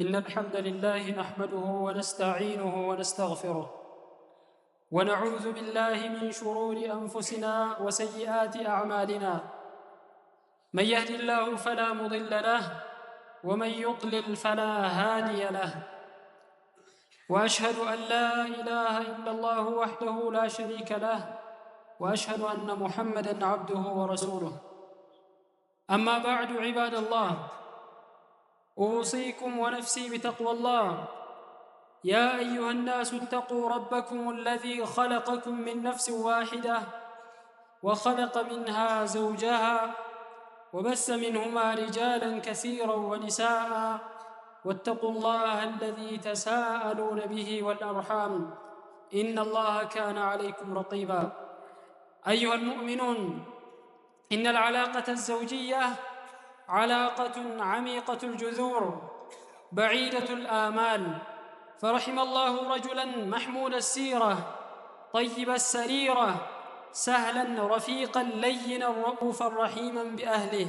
إن الحمد لله نحمده ونستعينه ونستغفره ونعوذ بالله من شرور أنفسنا وسيئات أعمالنا من يهد الله فلا مضل له ومن يضلل فلا هادي له وأشهد أن لا إله إلا الله وحده لا شريك له وأشهد أن محمدا عبده ورسوله أما بعد عباد الله اوصيكم ونفسي بتقوى الله يا ايها الناس اتقوا ربكم الذي خلقكم من نفس واحده وخلق منها زوجها وبس منهما رجالا كثيرا ونساء واتقوا الله الذي تساءلون به والارحام ان الله كان عليكم رقيبا ايها المؤمنون ان العلاقه الزوجيه علاقة عميقة الجذور بعيدة الآمال فرحم الله رجلا محمود السيرة طيب السريرة سهلا رفيقا لينا رؤوفا رحيما بأهله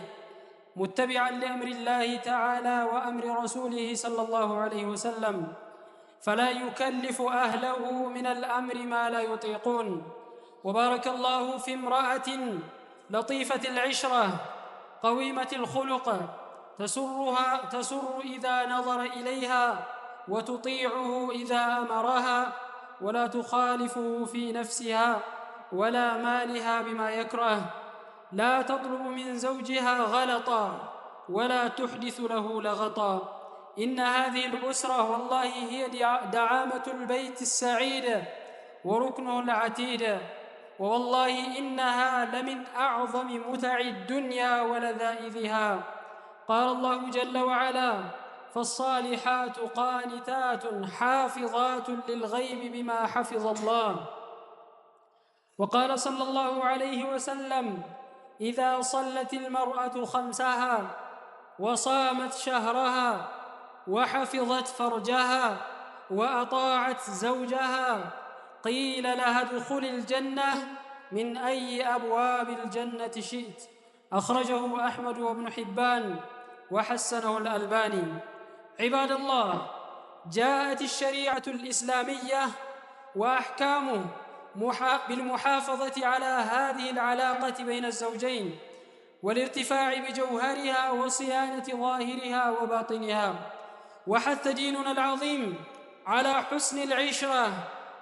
متبعا لأمر الله تعالى وأمر رسوله صلى الله عليه وسلم فلا يكلف أهله من الأمر ما لا يطيقون وبارك الله في امرأة لطيفة العشرة قويمة الخلق تسرها تسر إذا نظر إليها وتطيعه إذا أمرها ولا تخالفه في نفسها ولا مالها بما يكره لا تطلب من زوجها غلطا ولا تحدث له لغطا إن هذه الأسرة والله هي دعامة البيت السعيد وركنه العتيد ووالله إنها لمن أعظم متع الدنيا ولذائذها قال الله جل وعلا فالصالحات قانتات حافظات للغيب بما حفظ الله وقال صلى الله عليه وسلم إذا صلت المرأة خمسها وصامت شهرها وحفظت فرجها وأطاعت زوجها قيل لها ادخل الجنة من أي أبواب الجنة شئت أخرجه أحمد وابن حبان وحسنه الألباني عباد الله جاءت الشريعة الإسلامية وأحكامه بالمحافظة على هذه العلاقة بين الزوجين والارتفاع بجوهرها وصيانة ظاهرها وباطنها وحث ديننا العظيم على حسن العشره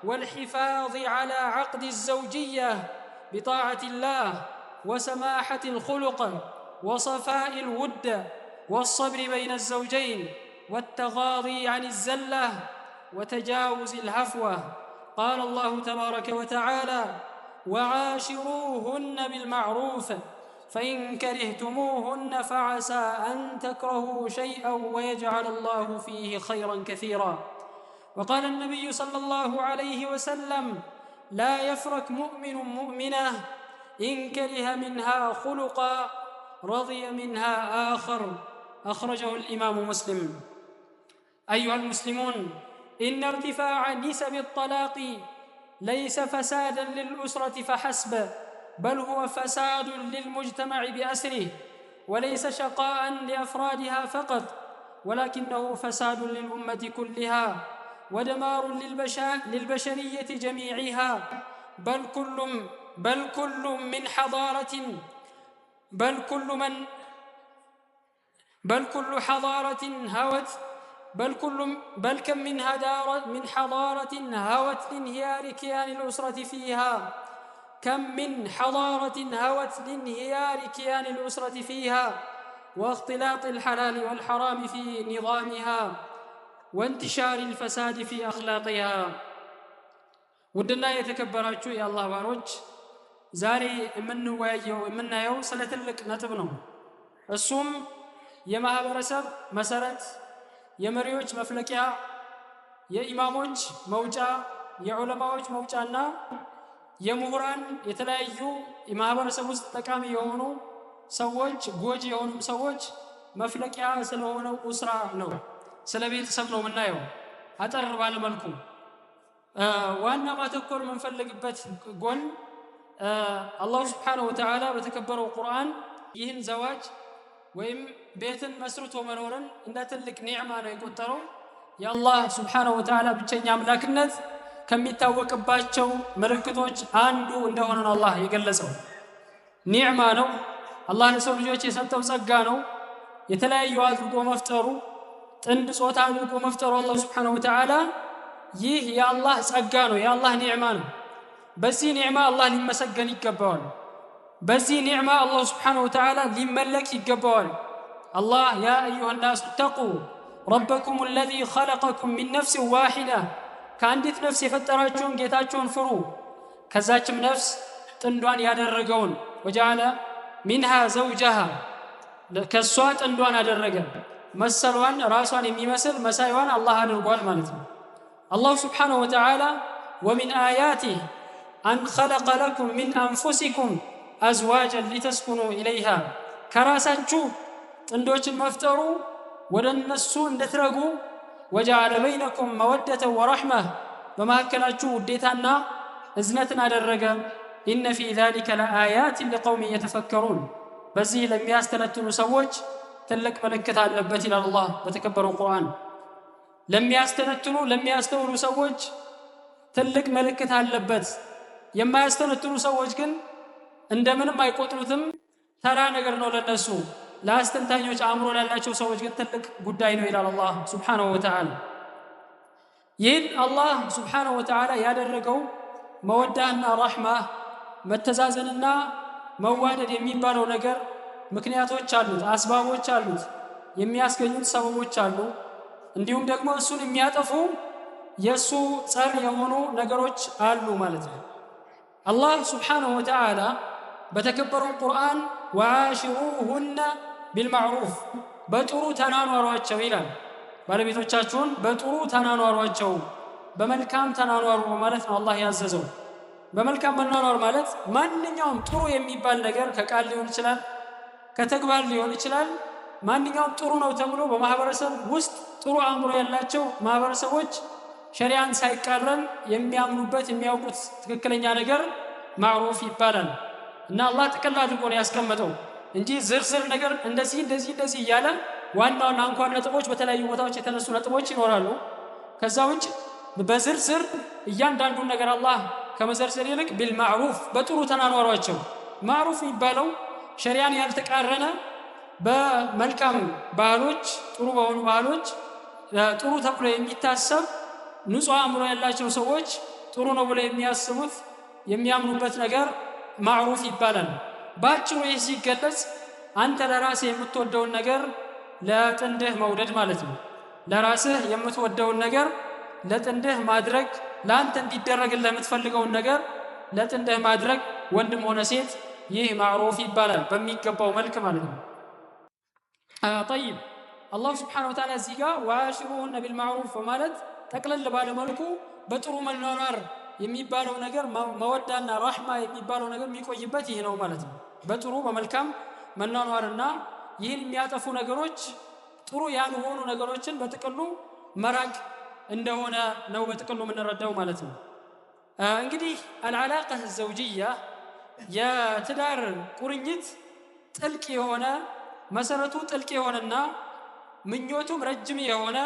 والحفاظ على عقد الزوجيه بطاعه الله وسماحه الخلق وصفاء الود والصبر بين الزوجين والتغاضي عن الزله وتجاوز الهفوه قال الله تبارك وتعالى وعاشروهن بالمعروف فإن كرهتموهن فعسى أن تكرهوا شيئا ويجعل الله فيه خيرا كثيرا وقال النبي صلى الله عليه وسلم لا يفرك مؤمن مؤمنه ان كره منها خلقا رضي منها اخر اخرجه الامام مسلم ايها المسلمون ان ارتفاع نسب الطلاق ليس فسادا للاسره فحسب بل هو فساد للمجتمع باسره وليس شقاء لافرادها فقط ولكنه فساد للامه كلها ودمار للبشرية جميعها بل كل بل كل من حضارة بل كل من بل كل حضارة هوت بل كل بل كم من هدارة من حضارة هوت لانهيار كيان الأسرة فيها كم من حضارة هوت لانهيار كيان الأسرة فيها واختلاط الحلال والحرام في نظامها ወንትሻሪ ልፈሳድ ፊ አኽላቅያ ውድና የተከበራችሁ የአላህ ባሮች ዛሬ የምንወያየው የምናየው ስለ ትልቅ ነጥብ ነው። እሱም የማህበረሰብ መሰረት፣ የመሪዎች መፍለቂያ፣ የኢማሞች መውጫ፣ የዑለማዎች መውጫና የምሁራን የተለያዩ የማህበረሰብ ውስጥ ጠቃሚ የሆኑ ሰዎች ጎጂ የሆኑም ሰዎች መፍለቂያ ስለሆነው ኡስራ ነው። ስለ ቤተሰብ ነው የምናየው አጠር ባለመልኩ ዋና ማተኮር የምንፈልግበት ጎን አላሁ ስብሓነሁ ወተዓላ በተከበረው ቁርአን ይህን ዘዋጅ ወይም ቤትን መስርቶ መኖርን እንደ ትልቅ ኒዕማ ነው የቆጠረው። የአላህ ስብሓነሁ ወተዓላ ብቸኛ አምላክነት ከሚታወቅባቸው ምልክቶች አንዱ እንደሆነ አላህ የገለጸው። ኒዕማ ነው፣ አላህ ለሰው ልጆች የሰጠው ጸጋ ነው። የተለያዩ አድርጎ መፍጠሩ ጥንድ ጾታ አምልኮ መፍጠሩ አላህ ስብሓነሁ ወተዓላ ይህ የአላህ ጸጋ ነው፣ የአላህ ኒዕማ ነው። በዚህ ኒዕማ አላህ ሊመሰገን ይገባዋል። በዚህ ኒዕማ አላህ ስብሓነሁ ወተዓላ ሊመለክ ይገባዋል። አላህ ያ አዩሃ ናስ ተቁ ረበኩም አለዚ ኸለቀኩም ሚን ነፍሲን ዋሒዳ ከአንዲት ነፍስ የፈጠራችሁን ጌታችሁን ፍሩ ከዛችም ነፍስ ጥንዷን ያደረገውን ወጀዓለ ሚንሃ ዘውጀሃ ከእሷ ጥንዷን አደረገን። መሰሏን ራሷን የሚመስል መሳይዋን አላህ አድርጓል ማለት ነው። አላሁ ስብሓነሁ ወተዓላ ወሚን አያቲህ አን ኸለቀ ለኩም ሚን አንፉሲኩም አዝዋጀን ሊተስኩኑ ኢለይሃ ከራሳችሁ ጥንዶችን መፍጠሩ ወደ እነሱ እንድትረጉ ወጀዓለ በይነኩም መወደተ ወረሕመህ በመካከላችሁ ውዴታና እዝነትን አደረገ። ኢነ ፊ ዛሊከ ለአያትን ሊቀውም የተፈከሩን በዚህ ለሚያስተነትኑ ሰዎች ትልቅ ምልክት አለበት ይላል አላህ በተከበረው ቁርአን። ለሚያስተነትኑ ለሚያስተውሉ ሰዎች ትልቅ ምልክት አለበት። የማያስተነትኑ ሰዎች ግን እንደምንም አይቆጥሩትም፣ ተራ ነገር ነው ለነሱ። ለአስተንታኞች አእምሮ ላላቸው ሰዎች ግን ትልቅ ጉዳይ ነው ይላል አላህ ሱብሓነሁ ወተዓላ። ይህን አላህ ሱብሓነሁ ወተዓላ ያደረገው መወዳህና ራሕማ መተዛዘንና መዋደድ የሚባለው ነገር ምክንያቶች አሉት፣ አስባቦች አሉት፣ የሚያስገኙት ሰበቦች አሉ። እንዲሁም ደግሞ እሱን የሚያጠፉ የእሱ ጸር የሆኑ ነገሮች አሉ ማለት ነው። አላህ ስብሓነሁ ወተዓላ በተከበረው ቁርአን ወዓሽሩሁነ ቢልማዕሩፍ በጥሩ ተናኗሯቸው ይላል። ባለቤቶቻችሁን በጥሩ ተናኗሯቸው፣ በመልካም ተናኗሩ ማለት ነው አላህ ያዘዘው። በመልካም መናኗር ማለት ማንኛውም ጥሩ የሚባል ነገር ከቃል ሊሆን ይችላል ከተግባር ሊሆን ይችላል። ማንኛውም ጥሩ ነው ተብሎ በማህበረሰብ ውስጥ ጥሩ አእምሮ ያላቸው ማህበረሰቦች ሸሪያን ሳይቃረን የሚያምኑበት የሚያውቁት ትክክለኛ ነገር ማዕሩፍ ይባላል። እና አላህ ጥቅል አድርጎ ነው ያስቀመጠው እንጂ ዝርዝር ነገር እንደዚህ እንደዚህ እንደዚህ እያለ ዋና ዋና አንኳር ነጥቦች በተለያዩ ቦታዎች የተነሱ ነጥቦች ይኖራሉ። ከዛ ውጭ በዝርዝር እያንዳንዱን ነገር አላህ ከመዘርዘር ይልቅ ቢልማዕሩፍ በጥሩ ተናኗሯቸው ማዕሩፍ የሚባለው ሸሪያን ያልተቃረነ በመልካም ባህሎች ጥሩ በሆኑ ባህሎች ጥሩ ተብሎ የሚታሰብ ንጹህ አእምሮ ያላቸው ሰዎች ጥሩ ነው ብለው የሚያስቡት የሚያምኑበት ነገር ማዕሩፍ ይባላል። በአጭሩ ይህ ሲገለጽ አንተ ለራስህ የምትወደውን ነገር ለጥንድህ መውደድ ማለት ነው። ለራስህ የምትወደውን ነገር ለጥንድህ ማድረግ፣ ለአንተ እንዲደረግልህ የምትፈልገውን ነገር ለጥንድህ ማድረግ ወንድም ሆነ ሴት ይህ ማዕሩፍ ይባላል በሚገባው መልክ ማለት ነው ጠይብ አላሁ ስብሓን ወተላ እዚህ ጋር ዋሽሩሁነ ቢልማዕሩፍ በማለት ጠቅለል ባለመልኩ በጥሩ መኗኗር የሚባለው ነገር መወዳና ራሕማ የሚባለው ነገር የሚቆይበት ይህ ነው ማለት ነው በጥሩ በመልካም መኗኗርና ይህን የሚያጠፉ ነገሮች ጥሩ ያልሆኑ ነገሮችን በጥቅሉ መራቅ እንደሆነ ነው በጥቅሉ የምንረዳው ማለት ነው እንግዲህ አልዓላቀህ ዘውጅያ የትዳር ቁርኝት ጥልቅ የሆነ መሰረቱ ጥልቅ የሆነና ምኞቱም ረጅም የሆነ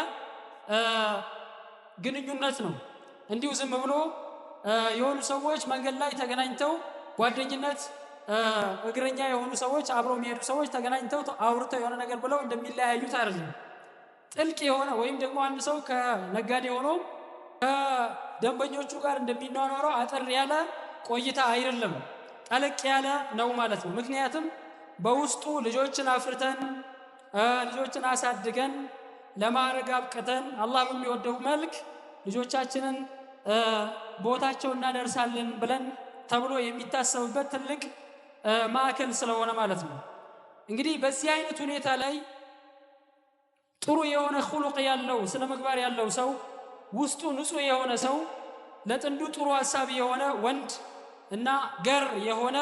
ግንኙነት ነው። እንዲሁ ዝም ብሎ የሆኑ ሰዎች መንገድ ላይ ተገናኝተው ጓደኝነት እግረኛ የሆኑ ሰዎች አብረው የሚሄዱ ሰዎች ተገናኝተው አውርተው የሆነ ነገር ብለው እንደሚለያዩት አይደለም። ጥልቅ የሆነ ወይም ደግሞ አንድ ሰው ከነጋዴ ሆኖ ከደንበኞቹ ጋር እንደሚኗኖረው አጠር ያለ ቆይታ አይደለም። ጠለቅ ያለ ነው ማለት ነው። ምክንያቱም በውስጡ ልጆችን አፍርተን ልጆችን አሳድገን ለማዕረግ አብቅተን አላህ በሚወደው መልክ ልጆቻችንን ቦታቸው እናደርሳለን ብለን ተብሎ የሚታሰብበት ትልቅ ማዕከል ስለሆነ ማለት ነው። እንግዲህ በዚህ አይነት ሁኔታ ላይ ጥሩ የሆነ ሁሉቅ ያለው ስነ ምግባር ያለው ሰው ውስጡ ንጹህ የሆነ ሰው ለጥንዱ ጥሩ ሀሳብ የሆነ ወንድ እና ገር የሆነ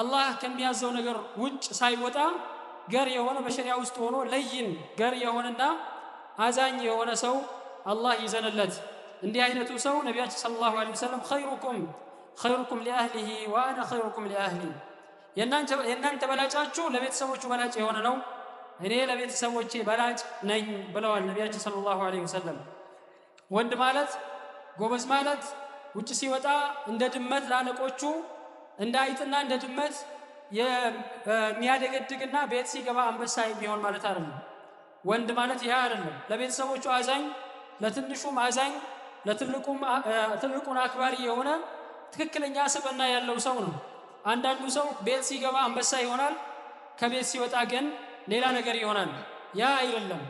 አላህ ከሚያዘው ነገር ውጭ ሳይወጣ ገር የሆነ በሸሪያ ውስጥ ሆኖ ለይን ገር የሆነና አዛኝ የሆነ ሰው አላህ ይዘንለት። እንዲህ አይነቱ ሰው ነቢያችን ሰለላሁ ዐለይሂ ወሰለም ኸይሩኩም ኸይሩኩም ሊአህሊሂ ወአነ ኸይሩኩም ሊአህሊ የእናንተ በላጫችሁ ለቤተሰቦቹ በላጭ የሆነ ነው፣ እኔ ለቤተሰቦቼ በላጭ ነኝ ብለዋል ነቢያችን ሰለላሁ ዐለይሂ ወሰለም። ወንድ ማለት ጎበዝ ማለት ውጭ ሲወጣ እንደ ድመት ላለቆቹ እንደ አይጥና እንደ ድመት የሚያደገድግና ቤት ሲገባ አንበሳ የሚሆን ማለት አይደለም። ወንድ ማለት ይሄ አይደለም። ለቤተሰቦቹ አዛኝ፣ ለትንሹም አዛኝ፣ ለትልቁን አክባሪ የሆነ ትክክለኛ ስብዕና ያለው ሰው ነው። አንዳንዱ ሰው ቤት ሲገባ አንበሳ ይሆናል፣ ከቤት ሲወጣ ግን ሌላ ነገር ይሆናል። ያ አይደለም።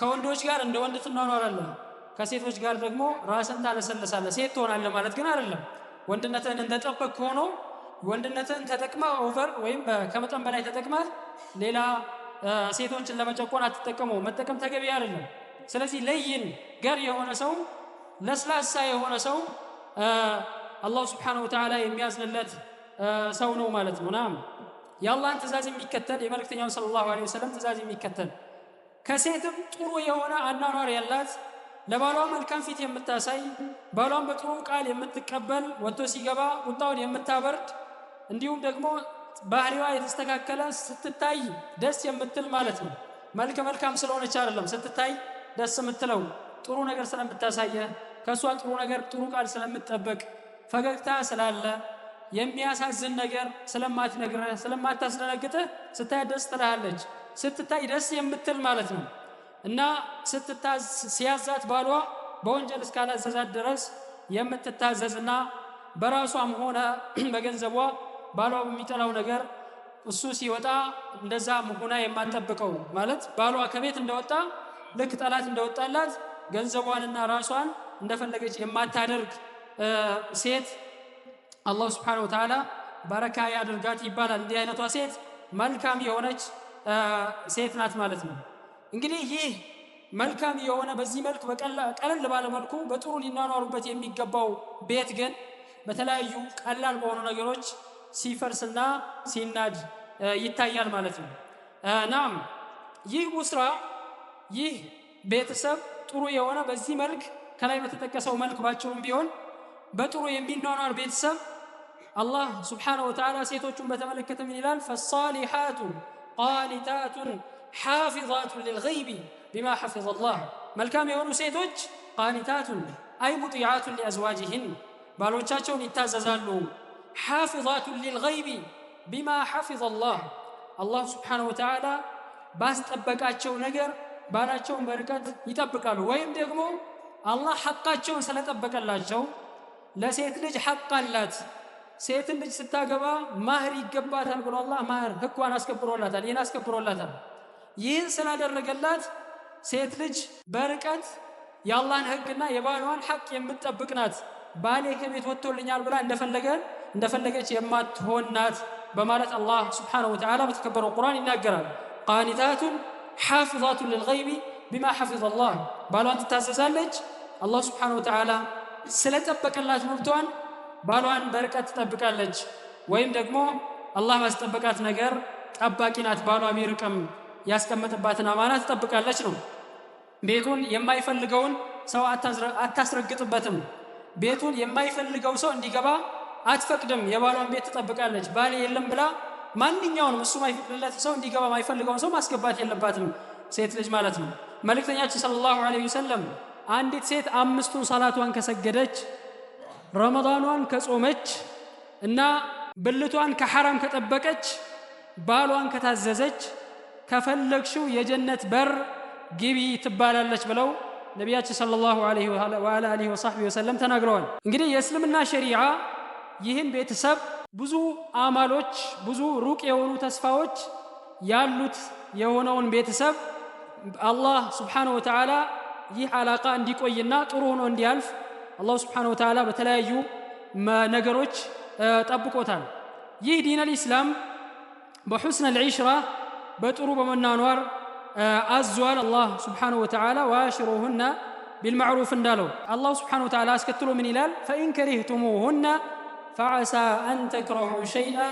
ከወንዶች ጋር እንደ ወንድ ትኗኗራለህ። ከሴቶች ጋር ደግሞ ራስን ታለሰልሳለህ። ሴት ትሆናለህ ማለት ግን አይደለም። ወንድነትህን እንደጠበቅ ከሆኖ ወንድነትህን ተጠቅማ ኦቨር ወይም ከመጠን በላይ ተጠቅመህ ሌላ ሴቶችን ለመጨቆን አትጠቀሙ። መጠቀም ተገቢ አይደለም። ስለዚህ ለይን ገር የሆነ ሰው ለስላሳ የሆነ ሰው አላሁ ስብሓነሁ ወተዓላ የሚያዝንለት ሰው ነው ማለት ነው። ናም የአላህን ትእዛዝ የሚከተል የመልእክተኛውን ሰለላሁ ዐለይሂ ወሰለም ትእዛዝ የሚከተል ከሴትም ጥሩ የሆነ አኗኗር ያላት ለባሏ መልካም ፊት የምታሳይ ባሏን በጥሩ ቃል የምትቀበል ወጥቶ ሲገባ ቁጣውን የምታበርድ እንዲሁም ደግሞ ባህሪዋ የተስተካከለ ስትታይ ደስ የምትል ማለት ነው። መልከ መልካም ስለሆነች አይደለም ስትታይ ደስ የምትለው ጥሩ ነገር ስለምታሳየ ከእሷ ጥሩ ነገር ጥሩ ቃል ስለምትጠበቅ ፈገግታ ስላለ የሚያሳዝን ነገር ስለማትነግረ ስለማታስደነግጥህ ስታይ ደስ ትልሃለች። ስትታይ ደስ የምትል ማለት ነው። እና ስትታዝ ሲያዛት ባሏ በወንጀል እስካላዘዛት ድረስ የምትታዘዝና በራሷም ሆነ በገንዘቧ ባሏ በሚጠላው ነገር እሱ ሲወጣ እንደዛ መሆና የማጠብቀው ማለት ባሏ ከቤት እንደወጣ ልክ ጠላት እንደወጣላት ገንዘቧንና ራሷን እንደፈለገች የማታደርግ ሴት አላሁ ስብሓነሁ ወተዓላ በረካ ያድርጋት ይባላል። እንዲህ አይነቷ ሴት መልካም የሆነች ሴት ናት ማለት ነው። እንግዲህ ይህ መልካም የሆነ በዚህ መልክ ቀለል ባለመልኩ በጥሩ ሊናኗሩበት የሚገባው ቤት ግን በተለያዩ ቀላል በሆኑ ነገሮች ሲፈርስና ሲናድ ይታያል ማለት ነው። ናም ይህ ውስራ ይህ ቤተሰብ ጥሩ የሆነ በዚህ መልክ ከላይ በተጠቀሰው መልክ ባቸውም ቢሆን በጥሩ የሚኗኗር ቤተሰብ አላህ ስብሓነሁ ወተዓላ ሴቶቹን በተመለከተ ምን ይላል? ፈሳሊሓቱ ቃኒታቱን ሓፊዛቱን ልልገይቢ ቢማ ሓፊዘ ላህ መልካም የሆኑ ሴቶች ቃኒታቱን አይ ሙጢዓቱን ሊአዝዋጅህን ባሎቻቸውን ይታዘዛሉ። ሓፊዛቱን ሊልገይቢ ቢማ ሓፊዘ ላህ አላህ ስብሓነሁ ወተዓላ ባስጠበቃቸው ነገር ባላቸውን በርቀት ይጠብቃሉ። ወይም ደግሞ አላህ ሐቃቸውን ስለጠበቀላቸው ለሴት ልጅ ሐቅ አላት። ሴትን ልጅ ስታገባ ማህር ይገባታል ብሎ አላህ ማህር ህጓን አስከብሮላታል፣ ይህን አስከብሮላታል። ይህን ስላደረገላት ሴት ልጅ በርቀት የአላህን ሕግና የባሏን ሐቅ የምትጠብቅ ናት። ባሌ ከቤት ወጥቶልኛል ብላ እንደፈለገ እንደፈለገች የማትሆን ናት በማለት አላህ ስብሓነሁ ወተዓላ በተከበረው ቁርአን ይናገራል። ቃኒታቱን ሓፊዛቱን ልልገይቢ ቢማ ሓፊዝ አላህ ባሏን ትታዘዛለች። አላህ ስብሓነሁ ወተዓላ ስለጠበቀላት መብቷን ባሏን በርቀት ትጠብቃለች። ወይም ደግሞ አላህ ባስጠበቃት ነገር ጠባቂ ናት ባሏ ቢርቅም ያስቀመጠባትን አማና ትጠብቃለች ነው። ቤቱን የማይፈልገውን ሰው አታስረግጥበትም። ቤቱን የማይፈልገው ሰው እንዲገባ አትፈቅድም። የባሏን ቤት ትጠብቃለች። ባል የለም ብላ ማንኛውንም እሱ ማይፈቅድለት ሰው እንዲገባ ማይፈልገውን ሰው ማስገባት የለባትም ሴት ልጅ ማለት ነው። መልእክተኛችን ሰለላሁ ዐለይሂ ወሰለም አንዲት ሴት አምስቱን ሰላቷን ከሰገደች ረመዳኗን ከጾመች እና ብልቷን ከሐራም ከጠበቀች ባሏን ከታዘዘች ከፈለግሽው የጀነት በር ግቢ ትባላለች ብለው ነቢያችን ሰለላሁ ዐለይሂ ወሰሕቢ ወሰለም ተናግረዋል። እንግዲህ የእስልምና ሸሪዓ ይህን ቤተሰብ ብዙ አማሎች፣ ብዙ ሩቅ የሆኑ ተስፋዎች ያሉት የሆነውን ቤተሰብ አላህ ስብሓነሁ ወተዓላ ይህ አላቃ እንዲቆይና ጥሩ ሆኖ እንዲያልፍ አላሁ ስብሓነሁ ወተዓላ በተለያዩ ነገሮች ጠብቆታል። ይህ ዲን አልኢስላም በሑስን አልዒሽራ بطرو بمن نوار أزوال الله سبحانه وتعالى واشروهن بالمعروف اندالو الله سبحانه وتعالى اسكتلو من إلال فإن كرهتموهن فعسى أن تكرهوا شيئا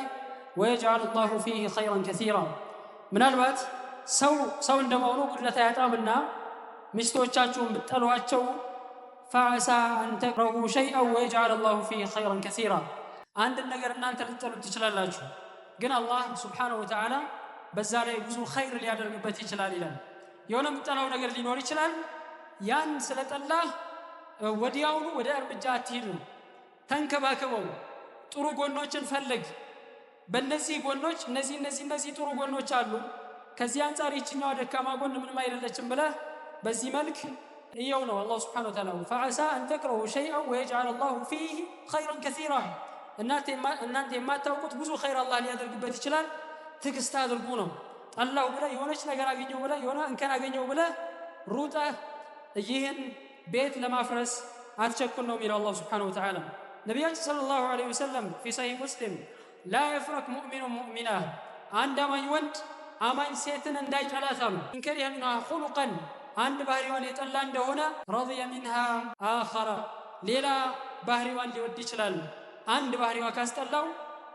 ويجعل الله فيه خيرا كثيرا من الوقت سو سو عندما أقول قلنا ثلاثة منا مستوى تشوم بتلو فعسى أن تكرهوا شيئا ويجعل الله فيه خيرا كثيرا عند النجار أن أنت تلو تشل الله سبحانه وتعالى በዛ ላይ ብዙ ኸይር ሊያደርግበት ይችላል ይላል። የሆነ የምጠላው ነገር ሊኖር ይችላል። ያን ስለጠላህ ወዲያውኑ ወደ እርምጃ አትሂድ ነው። ተንከባከበው፣ ጥሩ ጎኖችን ፈልግ በእነዚህ ጎኖች እነዚህ እነዚህ እነዚህ ጥሩ ጎኖች አሉ፣ ከዚህ አንጻር ይችኛዋ ደካማ ጎን ምንም አይደለችም ብለህ በዚህ መልክ እየው ነው አላህ ስብሓነሁ ወተዓላ ፈዐሳ አን ተክረሁ ሸይአን ወየጅዐለ አላሁ ፊህ ኸይረን ከሢራ እናንተ የማታውቁት ብዙ ኸይር አላህ ሊያደርግበት ይችላል ትዕግስት አድርጉ ነው። ጠላው ብለህ የሆነች ነገር አገኘው ብለህ የሆነ እንከን አገኘው ብለህ ሩጠህ ይህን ቤት ለማፍረስ አትቸኩል ነው የሚለው አላህ ስብሓነሁ ወተዓላ። ነቢያችን ሰለላሁ ዐለይሂ ወሰለም ፊ ሰሒህ ሙስሊም ላ የፍረክ ሙእሚኑ ሙእሚና አንድ አማኝ ወንድ አማኝ ሴትን እንዳይጠላት አሉ። እንከሪህና ሁሉቀን አንድ ባህሪዋን የጠላ እንደሆነ ረድየ ሚንሃ አኸራ ሌላ ባህሪዋን ሊወድ ይችላል። አንድ ባህሪዋ ካስጠላው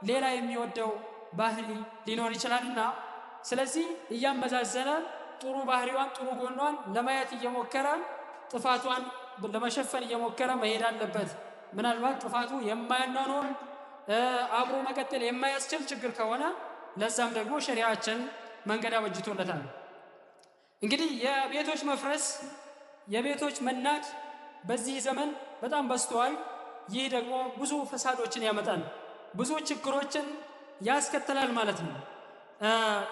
ሌላ የሚወደው ባህሪ ሊኖር ይችላልና ስለዚህ እያመዛዘነ ጥሩ ባህሪዋን ጥሩ ጎኗን ለማየት እየሞከረ ጥፋቷን ለመሸፈን እየሞከረ መሄድ አለበት። ምናልባት ጥፋቱ የማያናኖር አብሮ መቀጠል የማያስችል ችግር ከሆነ ለዛም ደግሞ ሸሪያችን መንገድ አበጅቶለታል። እንግዲህ የቤቶች መፍረስ፣ የቤቶች መናድ በዚህ ዘመን በጣም በዝተዋል። ይህ ደግሞ ብዙ ፈሳዶችን ያመጣል፣ ብዙ ችግሮችን ያስከትላል ማለት ነው።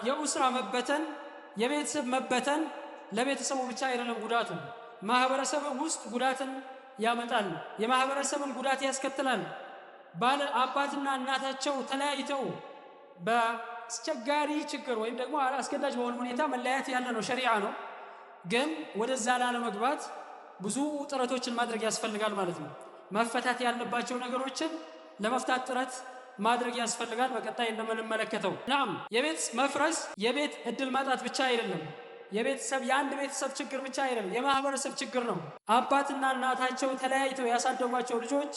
የኡስራ መበተን፣ የቤተሰብ መበተን ለቤተሰቡ ብቻ አይደለም ጉዳቱ ማህበረሰብ ውስጥ ጉዳትን ያመጣል። የማህበረሰብን ጉዳት ያስከትላል። ባለ አባትና እናታቸው ተለያይተው በአስቸጋሪ ችግር ወይም ደግሞ አስገዳጅ በሆነ ሁኔታ መለያየት ያለ ነው፣ ሸሪዓ ነው። ግን ወደዛ ላለመግባት ብዙ ጥረቶችን ማድረግ ያስፈልጋል ማለት ነው። መፈታት ያለባቸው ነገሮችን ለመፍታት ጥረት ማድረግ ያስፈልጋል። በቀጣይ እንደምንመለከተው ናም የቤት መፍረስ የቤት እድል ማጣት ብቻ አይደለም። የቤተሰብ የአንድ ቤተሰብ ችግር ብቻ አይደለም፣ የማህበረሰብ ችግር ነው። አባትና እናታቸው ተለያይተው ያሳደጓቸው ልጆች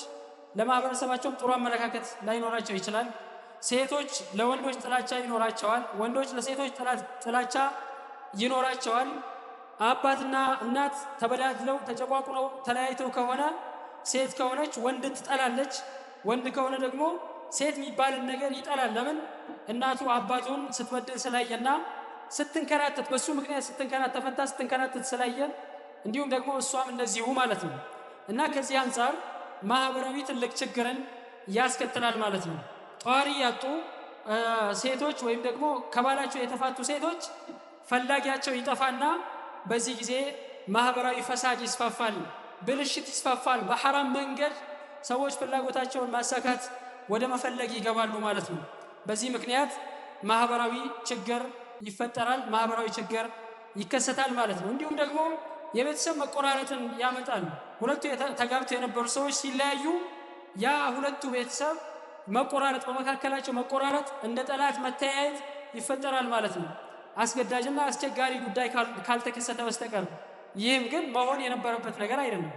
ለማህበረሰባቸውም ጥሩ አመለካከት ላይኖራቸው ይችላል። ሴቶች ለወንዶች ጥላቻ ይኖራቸዋል። ወንዶች ለሴቶች ጥላቻ ይኖራቸዋል። አባትና እናት ተበዳድለው ተጨቋቁለው ተለያይተው ከሆነ ሴት ከሆነች ወንድ ትጠላለች፣ ወንድ ከሆነ ደግሞ ሴት የሚባልን ነገር ይጠላል። ለምን እናቱ አባቱን ስትበድል ስላየና ስትንከራተት በሱ ምክንያት ስትንከራተት ተፈታ ስትንከራተት ስላየ እንዲሁም ደግሞ እሷም እንደዚሁ ማለት ነው። እና ከዚህ አንጻር ማህበራዊ ትልቅ ችግርን ያስከትላል ማለት ነው። ጧሪ ያጡ ሴቶች ወይም ደግሞ ከባላቸው የተፋቱ ሴቶች ፈላጊያቸው ይጠፋና በዚህ ጊዜ ማህበራዊ ፈሳድ ይስፋፋል፣ ብልሽት ይስፋፋል። በሐራም መንገድ ሰዎች ፍላጎታቸውን ማሳካት ወደ መፈለግ ይገባሉ ማለት ነው። በዚህ ምክንያት ማህበራዊ ችግር ይፈጠራል፣ ማህበራዊ ችግር ይከሰታል ማለት ነው። እንዲሁም ደግሞ የቤተሰብ መቆራረጥን ያመጣል። ሁለቱ ተጋብተው የነበሩ ሰዎች ሲለያዩ ያ ሁለቱ ቤተሰብ መቆራረጥ በመካከላቸው መቆራረጥ እንደ ጠላት መተያየት ይፈጠራል ማለት ነው። አስገዳጅና አስቸጋሪ ጉዳይ ካልተከሰተ በስተቀር ይህም ግን መሆን የነበረበት ነገር አይደለም።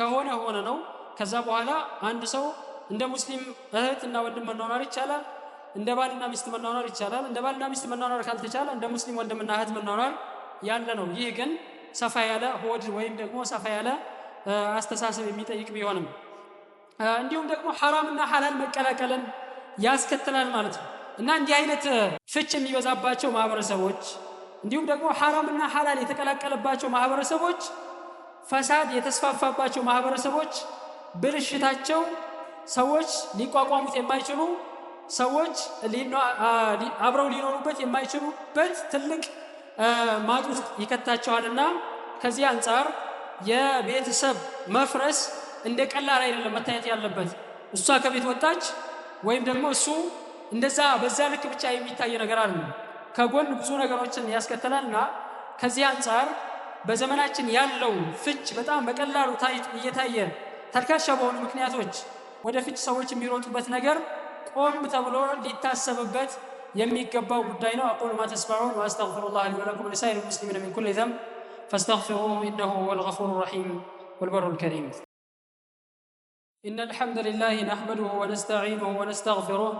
ከሆነ ሆነ ነው። ከዛ በኋላ አንድ ሰው እንደ ሙስሊም እህት እና ወንድም መኗኗር ይቻላል። እንደ ባልና ሚስት መኗኗር ይቻላል። እንደ ባልና ሚስት መኗኗር ካልተቻለ እንደ ሙስሊም ወንድምና እህት መኗኗር ያለ ነው። ይህ ግን ሰፋ ያለ ሆድ ወይም ደግሞ ሰፋ ያለ አስተሳሰብ የሚጠይቅ ቢሆንም እንዲሁም ደግሞ ሐራምና ሐላል መቀላቀልን ያስከትላል ማለት ነው እና እንዲህ አይነት ፍች የሚበዛባቸው ማህበረሰቦች እንዲሁም ደግሞ ሐራምና ሐላል የተቀላቀለባቸው ማህበረሰቦች፣ ፈሳድ የተስፋፋባቸው ማህበረሰቦች ብልሽታቸው ሰዎች ሊቋቋሙት የማይችሉ ሰዎች አብረው ሊኖሩበት የማይችሉበት ትልቅ ማጥ ውስጥ ይከታቸዋልና ከዚህ አንጻር የቤተሰብ መፍረስ እንደ ቀላል አይደለም መታየት ያለበት። እሷ ከቤት ወጣች ወይም ደግሞ እሱ እንደዛ በዛ ልክ ብቻ የሚታይ ነገር አለ። ከጎን ብዙ ነገሮችን ያስከተላልና ከዚህ አንጻር በዘመናችን ያለው ፍች በጣም በቀላሉ እየታየ ተልካሻ በሆኑ ምክንያቶች ወደፊት ሰዎች قوم ነገር ቆም ተብሎ ሊታሰብበት የሚገባው ጉዳይ أقول ما تسمعون وأستغفر الله لي ولكم ወሊሳኢሪ المسلمين من كل ذنب فاستغفروه إنه هو الغفور الرحيم والبر الكريم إن الحمد لله نحمده ونستعينه ونستغفره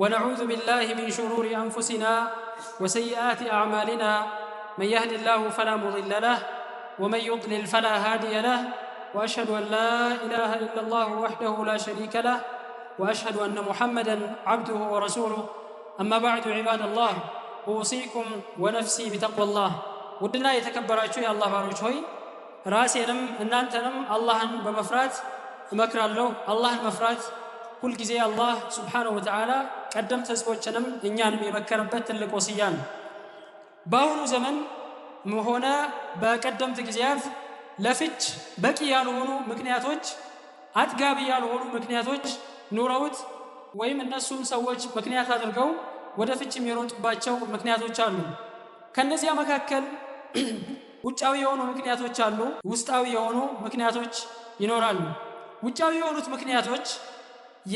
ونعوذ بالله من شرور أنفسنا وسيئات أعمالنا من يهد الله فلا مضل له ومن يضلل فلا هادي له واشهد ان لا اله الا الله وحده لا شريك له واشهد ان محمدا عبده ورسوله اما بعد عباد الله اوصيكم ونفسي بتقوى الله ودنا يتكبراتو يا الله باروج رأسي لم ان انتم الله بمفرات مكر الله الله مفرات كل جزاء الله سبحانه وتعالى قدمت إن تسوچنم انيان ميبكربت تلقوسيان باهو زمن مهونا بقدمت جزاء ለፍች በቂ ያልሆኑ ምክንያቶች አጥጋቢ ያልሆኑ ምክንያቶች ኑረውት ወይም እነሱም ሰዎች ምክንያት አድርገው ወደ ፍች የሚሮጡባቸው ምክንያቶች አሉ። ከነዚያ መካከል ውጫዊ የሆኑ ምክንያቶች አሉ፣ ውስጣዊ የሆኑ ምክንያቶች ይኖራሉ። ውጫዊ የሆኑት ምክንያቶች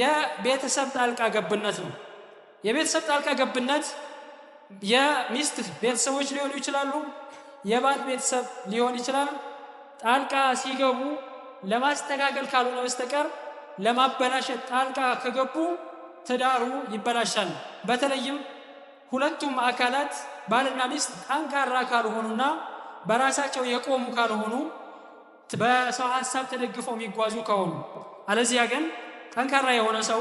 የቤተሰብ ጣልቃ ገብነት ነው። የቤተሰብ ጣልቃ ገብነት የሚስት ቤተሰቦች ሊሆኑ ይችላሉ፣ የባል ቤተሰብ ሊሆን ይችላል። ጣልቃ ሲገቡ ለማስተካከል ካልሆነ በስተቀር ለማበላሸት ጣልቃ ከገቡ ትዳሩ ይበላሻል። በተለይም ሁለቱም አካላት ባልና ሚስት ጠንካራ ካልሆኑና በራሳቸው የቆሙ ካልሆኑ በሰው ሀሳብ ተደግፈው የሚጓዙ ከሆኑ፣ አለዚያ ግን ጠንካራ የሆነ ሰው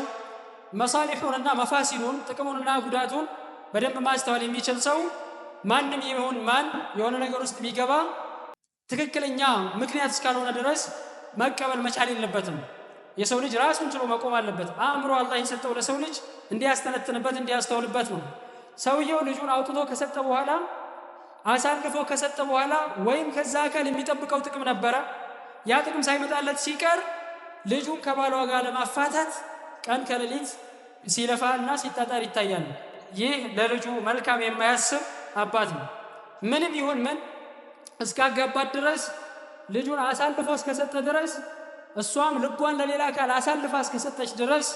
መሳሊሑንና መፋሲሉን ጥቅሙንና ጉዳቱን በደንብ ማስተዋል የሚችል ሰው ማንም ይሁን ማን የሆነ ነገር ውስጥ ቢገባ ትክክለኛ ምክንያት እስካልሆነ ድረስ መቀበል መቻል የለበትም። የሰው ልጅ ራሱን ችሎ መቆም አለበት። አእምሮ አላህ የሰጠው ለሰው ልጅ እንዲያስተነትንበት እንዲያስተውልበት ነው። ሰውየው ልጁን አውጥቶ ከሰጠ በኋላ አሳልፎ ከሰጠ በኋላ ወይም ከዛ አካል የሚጠብቀው ጥቅም ነበረ። ያ ጥቅም ሳይመጣለት ሲቀር ልጁን ከባሏ ጋር ለማፋታት ቀን ከሌሊት ሲለፋ እና ሲጣጣር ይታያል። ይህ ለልጁ መልካም የማያስብ አባት ነው። ምንም ይሁን ምን እስካጋባት ድረስ ልጁን አሳልፎ እስከሰጠ ድረስ እሷም ልቧን ለሌላ አካል አሳልፋ እስከሰጠች ድረስ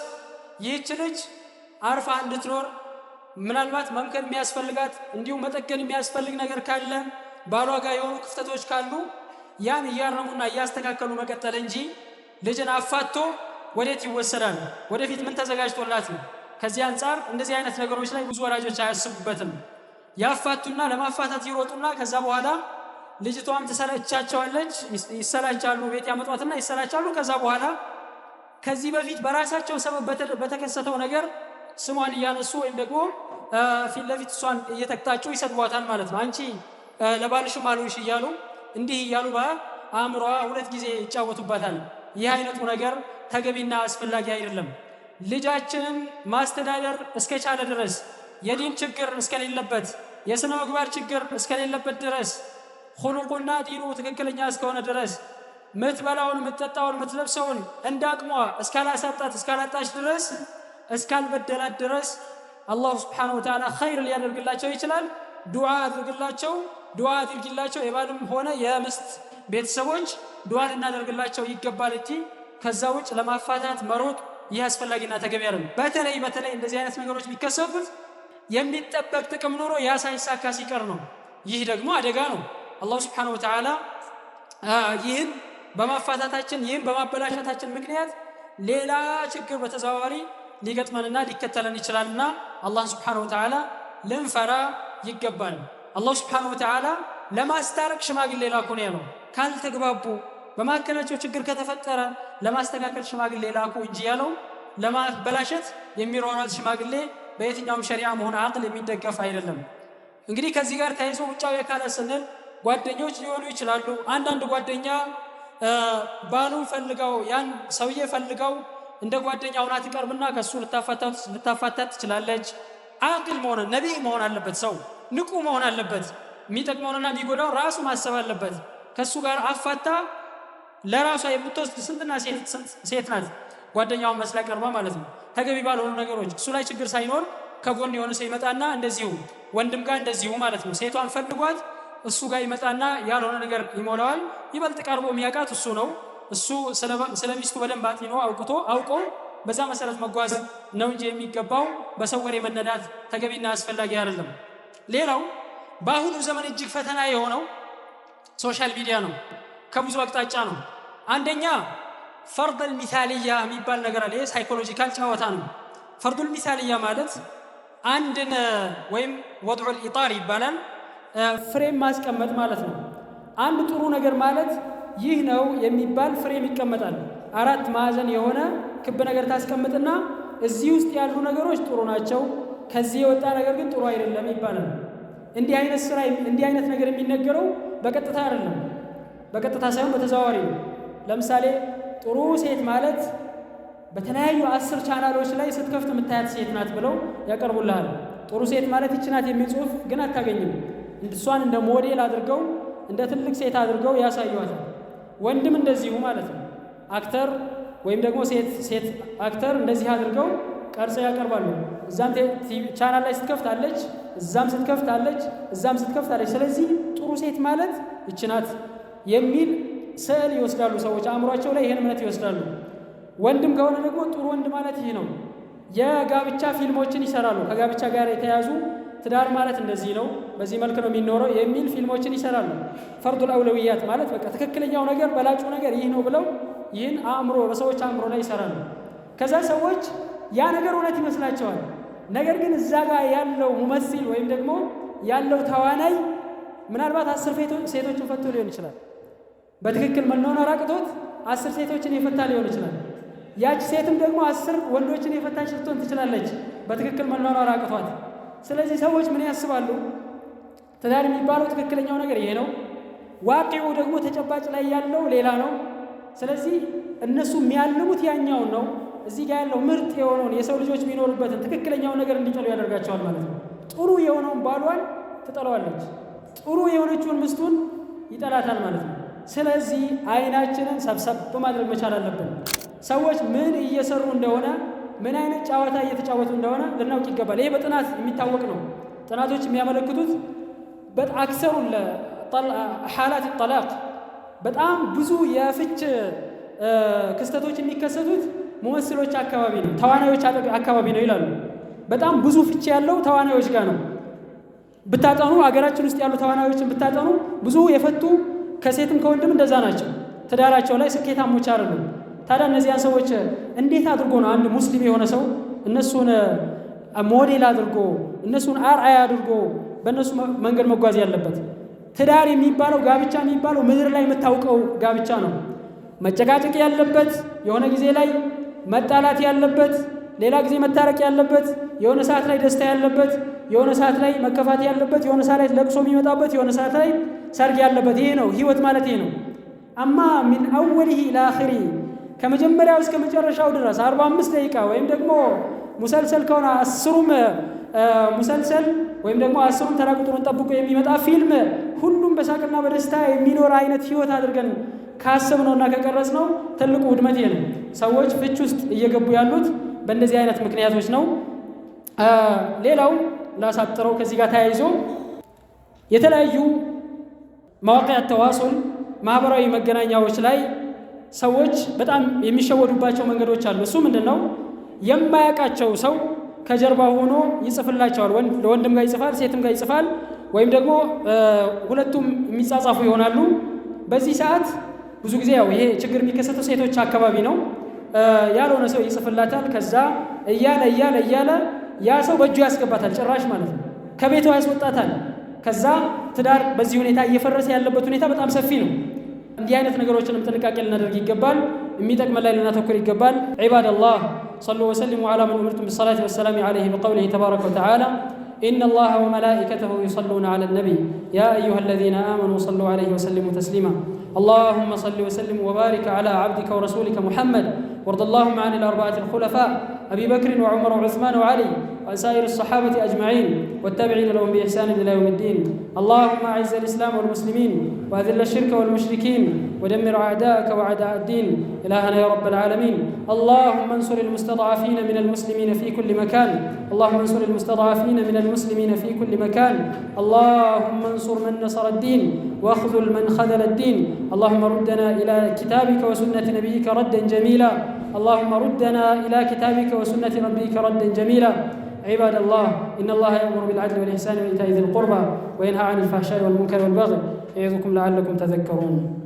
ይህች ልጅ አርፋ እንድትኖር ምናልባት መምከር የሚያስፈልጋት እንዲሁም መጠገን የሚያስፈልግ ነገር ካለ ባሏ ጋር የሆኑ ክፍተቶች ካሉ ያን እያረሙና እያስተካከሉ መቀጠል እንጂ ልጅን አፋቶ ወዴት ይወሰዳል? ወደፊት ምን ተዘጋጅቶላት ነው? ከዚህ አንጻር እንደዚህ አይነት ነገሮች ላይ ብዙ ወላጆች አያስቡበትም። ያፋቱና ለማፋታት ይሮጡና ከዛ በኋላ ልጅቷም ትሰለቻቸዋለች፣ ይሰላቻሉ፣ ቤት ያመጧትና ይሰላቻሉ። ከዛ በኋላ ከዚህ በፊት በራሳቸው ሰበብ በተከሰተው ነገር ስሟን እያነሱ ወይም ደግሞ ፊት ለፊት እሷን እየተቅጣጩ ይሰድቧታል ማለት ነው። አንቺ ለባልሽም አልሆንሽ እያሉ እንዲህ እያሉ በአእምሯ ሁለት ጊዜ ይጫወቱባታል። ይህ አይነቱ ነገር ተገቢና አስፈላጊ አይደለም። ልጃችንን ማስተዳደር እስከቻለ ድረስ የዲን ችግር እስከሌለበት የሥነ ምግባር ችግር እስከሌለበት ድረስ ሁሉቁና ዲኑ ትክክለኛ እስከሆነ ድረስ ምትበላውን ምትጠጣውን ምትለብሰውን እንደ አቅሟ እስካላሳጣት እስካላጣች ድረስ እስካልበደላት ድረስ አላሁ ስብሓነሁ ወተዓላ ኸይር ሊያደርግላቸው ይችላል። ዱዓ አድርግላቸው፣ ዱዓ አድርጊላቸው። የባልም ሆነ የምስት ቤተሰቦች ዱዓ ልናደርግላቸው ይገባል እንጂ ከዛ ውጭ ለማፋታት መሮጥ ይህ አስፈላጊና ተገቢ አይደለም። በተለይ በተለይ እንደዚህ አይነት ነገሮች ቢከሰቱት የሚጠበቅ ጥቅም ኖሮ ያ ሳይሳካ ሲቀር ነው። ይህ ደግሞ አደጋ ነው። አላሁ ስብሓነሁ ወተዓላ ይህን በማፋታታችን ይህን በማበላሸታችን ምክንያት ሌላ ችግር በተዘዋዋሪ ሊገጥመንና ሊከተለን ይችላልና አላህን ስብሓነሁ ወተዓላ ልንፈራ ይገባል። አላሁ ስብሓነሁ ወተዓላ ለማስታረቅ ሽማግሌ ላኩ ነው ያለው። ካልተግባቡ በመካከላቸው ችግር ከተፈጠረ ለማስተካከል ሽማግሌ ላኩ እንጂ ያለው ለማበላሸት የሚሯሯጥ ሽማግሌ በየትኛውም ሸሪዓ መሆን አቅል የሚደገፍ አይደለም። እንግዲህ ከዚህ ጋር ተያይዞ ውጫዊ አካላት ስንል ጓደኞች ሊሆኑ ይችላሉ። አንዳንድ ጓደኛ ባሉን ፈልገው ያን ሰውዬ ፈልገው እንደ ጓደኛ ሁና ትቀርብና ከሱ ልታፋታት ትችላለች። አቅል መሆን ነቢ መሆን አለበት። ሰው ንቁ መሆን አለበት። የሚጠቅመውንና የሚጎዳው ራሱ ማሰብ አለበት። ከእሱ ጋር አፋታ ለራሷ የምትወስድ ስንትና ሴት ናት። ጓደኛውን መስላ ቀርባ ማለት ነው። ተገቢ ባልሆኑ ነገሮች እሱ ላይ ችግር ሳይኖር ከጎን የሆነ ሰው ይመጣና እንደዚሁ ወንድም ጋር እንደዚሁ ማለት ነው። ሴቷን ፈልጓት እሱ ጋር ይመጣና ያልሆነ ነገር ይሞላዋል። ይበልጥ ቀርቦ የሚያውቃት እሱ ነው። እሱ ስለ ሚስቱ በደንብ አጢኖ አውቅቶ አውቆ በዛ መሰረት መጓዝ ነው እንጂ የሚገባው በሰው ወሬ መነዳት ተገቢና አስፈላጊ አይደለም። ሌላው በአሁኑ ዘመን እጅግ ፈተና የሆነው ሶሻል ሚዲያ ነው። ከብዙ አቅጣጫ ነው። አንደኛ ፈርደል ሚታልያ የሚባል ነገር አለ። ሳይኮሎጂካል ጨዋታ ነው። ፈርዱል ሚታልያ ማለት አንድን ወይም ወድዑል ኢጣር ይባላል ፍሬም ማስቀመጥ ማለት ነው። አንድ ጥሩ ነገር ማለት ይህ ነው የሚባል ፍሬም ይቀመጣል። አራት ማዕዘን የሆነ ክብ ነገር ታስቀምጥና እዚህ ውስጥ ያሉ ነገሮች ጥሩ ናቸው፣ ከዚህ የወጣ ነገር ግን ጥሩ አይደለም ይባላል። እንዲህ አይነት ስራ እንዲህ አይነት ነገር የሚነገረው በቀጥታ አይደለም፣ በቀጥታ ሳይሆን በተዘዋዋሪ ነው። ለምሳሌ ጥሩ ሴት ማለት በተለያዩ አስር ቻናሎች ላይ ስትከፍት የምታያት ሴት ናት ብለው ያቀርቡልሃል። ጥሩ ሴት ማለት ይችናት የሚል ጽሑፍ ግን አታገኝም። እሷን እንደ ሞዴል አድርገው እንደ ትልቅ ሴት አድርገው ያሳዩዋታል። ወንድም እንደዚሁ ማለት ነው። አክተር ወይም ደግሞ ሴት ሴት አክተር እንደዚህ አድርገው ቀርጸው ያቀርባሉ። እዛም ቻናል ላይ ስትከፍታለች፣ እዛም ስትከፍታለች፣ እዛም ስትከፍታለች። ስለዚህ ጥሩ ሴት ማለት ይች ናት የሚል ስዕል ይወስዳሉ ሰዎች አእምሯቸው ላይ ይህን እምነት ይወስዳሉ። ወንድም ከሆነ ደግሞ ጥሩ ወንድ ማለት ይህ ነው። የጋብቻ ፊልሞችን ይሰራሉ። ከጋብቻ ጋር የተያዙ ትዳር ማለት እንደዚህ ነው፣ በዚህ መልክ ነው የሚኖረው የሚል ፊልሞችን ይሰራሉ። ፈርዱል አውለውያት ማለት በቃ ትክክለኛው ነገር በላጩ ነገር ይህ ነው ብለው ይህን አእምሮ በሰዎች አእምሮ ላይ ይሰራሉ። ከዛ ሰዎች ያ ነገር እውነት ይመስላቸዋል። ነገር ግን እዛ ጋር ያለው ሙመሲል ወይም ደግሞ ያለው ተዋናይ ምናልባት አስር ሴቶችን ፈቶ ሊሆን ይችላል። በትክክል መኖር አቅቶት አስር ሴቶችን የፈታ ሊሆን ይችላል። ያች ሴትም ደግሞ አስር ወንዶችን የፈታች ልትሆን ትችላለች፣ በትክክል መኖር አቅቷት ስለዚህ ሰዎች ምን ያስባሉ? ትዳር የሚባለው ትክክለኛው ነገር ይሄ ነው፣ ዋቂው ደግሞ ተጨባጭ ላይ ያለው ሌላ ነው። ስለዚህ እነሱ የሚያልሙት ያኛውን ነው። እዚህ ጋር ያለው ምርጥ የሆነውን የሰው ልጆች የሚኖሩበትን ትክክለኛውን ነገር እንዲጠሉ ያደርጋቸዋል ማለት ነው። ጥሩ የሆነውን ባሏን ትጠለዋለች፣ ጥሩ የሆነችውን ምስቱን ይጠላታል ማለት ነው። ስለዚህ አይናችንን ሰብሰብ በማድረግ መቻል አለብን። ሰዎች ምን እየሰሩ እንደሆነ ምን አይነት ጨዋታ እየተጫወቱ እንደሆነ ልናውቅ ይገባል። ይሄ በጥናት የሚታወቅ ነው። ጥናቶች የሚያመለክቱት በአክሰሩ ሓላት ጠላቅ በጣም ብዙ የፍች ክስተቶች የሚከሰቱት መወስሎች አካባቢ ነው፣ ተዋናዮች አካባቢ ነው ይላሉ። በጣም ብዙ ፍች ያለው ተዋናዮች ጋር ነው። ብታጠኑ አገራችን ውስጥ ያሉ ተዋናዮችን ብታጠኑ ብዙ የፈቱ ከሴትም ከወንድም እንደዛ ናቸው። ትዳራቸው ላይ ስኬታሞች አይደሉም። ታዲያ እነዚያን ሰዎች እንዴት አድርጎ ነው አንድ ሙስሊም የሆነ ሰው እነሱን ሞዴል አድርጎ እነሱን አርአያ አድርጎ በእነሱ መንገድ መጓዝ ያለበት? ትዳር የሚባለው ጋብቻ የሚባለው ምድር ላይ የምታውቀው ጋብቻ ነው። መጨቃጨቅ ያለበት የሆነ ጊዜ ላይ መጣላት ያለበት ሌላ ጊዜ መታረቅ ያለበት የሆነ ሰዓት ላይ ደስታ ያለበት የሆነ ሰዓት ላይ መከፋት ያለበት የሆነ ሰዓት ላይ ለቅሶ የሚመጣበት የሆነ ሰዓት ላይ ሰርግ ያለበት ይሄ ነው ህይወት ማለት ይሄ ነው። አማ ሚን አወሊሂ ኢላ አኺሪህ ከመጀመሪያው እስከ መጨረሻው ድረስ 45 ደቂቃ ወይም ደግሞ ሙሰልሰል ከሆነ አስሩም ሙሰልሰል ወይም ደግሞ አስሩም ተራ ቁጥሩን ጠብቆ የሚመጣ ፊልም ሁሉም በሳቅና በደስታ የሚኖር አይነት ህይወት አድርገን ካሰብነው እና ከቀረጽነው ትልቁ ውድመት ነው። ሰዎች ፍች ውስጥ እየገቡ ያሉት በእንደዚህ አይነት ምክንያቶች ነው። ሌላው እንዳሳጥረው ከዚህ ጋር ተያይዞ የተለያዩ መዋቅያ ተዋሶል ማህበራዊ መገናኛዎች ላይ ሰዎች በጣም የሚሸወዱባቸው መንገዶች አሉ። እሱ ምንድን ነው? የማያውቃቸው ሰው ከጀርባ ሆኖ ይጽፍላቸዋል። ለወንድም ጋር ይጽፋል፣ ሴትም ጋር ይጽፋል። ወይም ደግሞ ሁለቱም የሚጻጻፉ ይሆናሉ። በዚህ ሰዓት ብዙ ጊዜ ያው ይሄ ችግር የሚከሰተው ሴቶች አካባቢ ነው። ያልሆነ ሰው ይጽፍላታል። ከዛ እያለ እያለ እያለ ያ ሰው በእጁ ያስገባታል፣ ጭራሽ ማለት ነው። ከቤቷ ያስወጣታል። ከዛ ትዳር በዚህ ሁኔታ እየፈረሰ ያለበት ሁኔታ በጣም ሰፊ ነው። ديانة እንዲህ አይነት ነገሮችንም ጥንቃቄ ልናደርግ ይገባል። የሚጠቅመን لنا ልናተኩር ይገባል። عباد الله صلوا وسلموا على من أمرتم بالصلاة والسلام عليه بقوله تبارك وتعالى إن الله وملائكته يصلون على النبي يا أيها الذين آمنوا صلوا عليه وسلموا تسليما اللهم صل وسلم وبارك على عبدك ورسولك محمد وارض اللهم عن الأربعة الخلفاء أبي بكر وعمر وعثمان وعلي وسائر الصحابة أجمعين والتابعين لهم بإحسان إلى يوم الدين اللهم أعز الإسلام والمسلمين وأذل الشرك والمشركين ودمر أعداءك وأعداء الدين إلهنا يا رب العالمين اللهم انصر المستضعفين من المسلمين في كل مكان اللهم انصر المستضعفين من المسلمين في كل مكان اللهم انصر من نصر الدين واخذل من خذل الدين اللهم ردنا إلى كتابك وسنة نبيك ردا جميلا اللهم ردنا إلى كتابك وسنة ربك ردا جميلا عباد الله إن الله يأمر بالعدل والإحسان وإيتاء ذي القربى وينهى عن الفحشاء والمنكر والبغي يعظكم لعلكم تذكرون